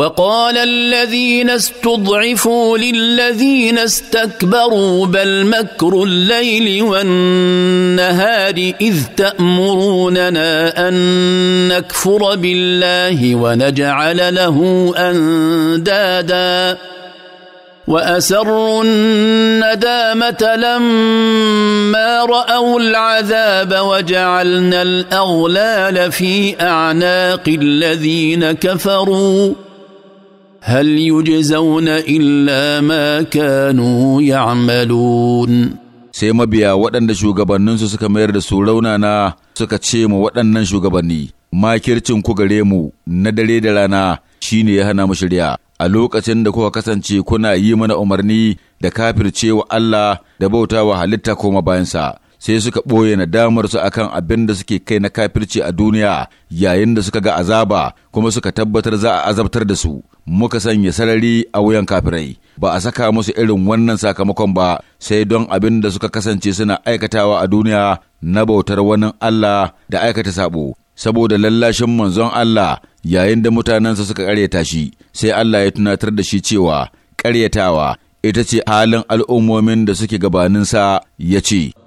وقال الذين استضعفوا للذين استكبروا بل مكر الليل والنهار اذ تامروننا ان نكفر بالله ونجعل له اندادا واسروا الندامه لما راوا العذاب وجعلنا الاغلال في اعناق الذين كفروا هل يجزون إلا ما كانوا يعملون sai mabiya waɗanda shugabanninsu suka mayar da su raunana suka ce mu waɗannan shugabanni makircin ku gare mu na dare da rana shine ya hana mu shirya a lokacin da kuka kasance kuna yi mana umarni da kafircewa Allah da bautawa halitta koma bayansa sai suka ɓoye nadamarsu kan abin da suke kai na kafirci a duniya yayin da suka ga azaba kuma suka tabbatar za a azabtar da su muka sanya sarari a wuyan kafirai ba a saka musu irin wannan sakamakon ba sai don abin da suka kasance suna aikatawa a duniya na bautar wani Allah da aikata sabo saboda lallashin manzon Allah yayin da mutanensa suka karyata shi sai Allah ya tunatar da shi cewa karyatawa ita ce halin al'ummomin da suke gabaninsa ya ce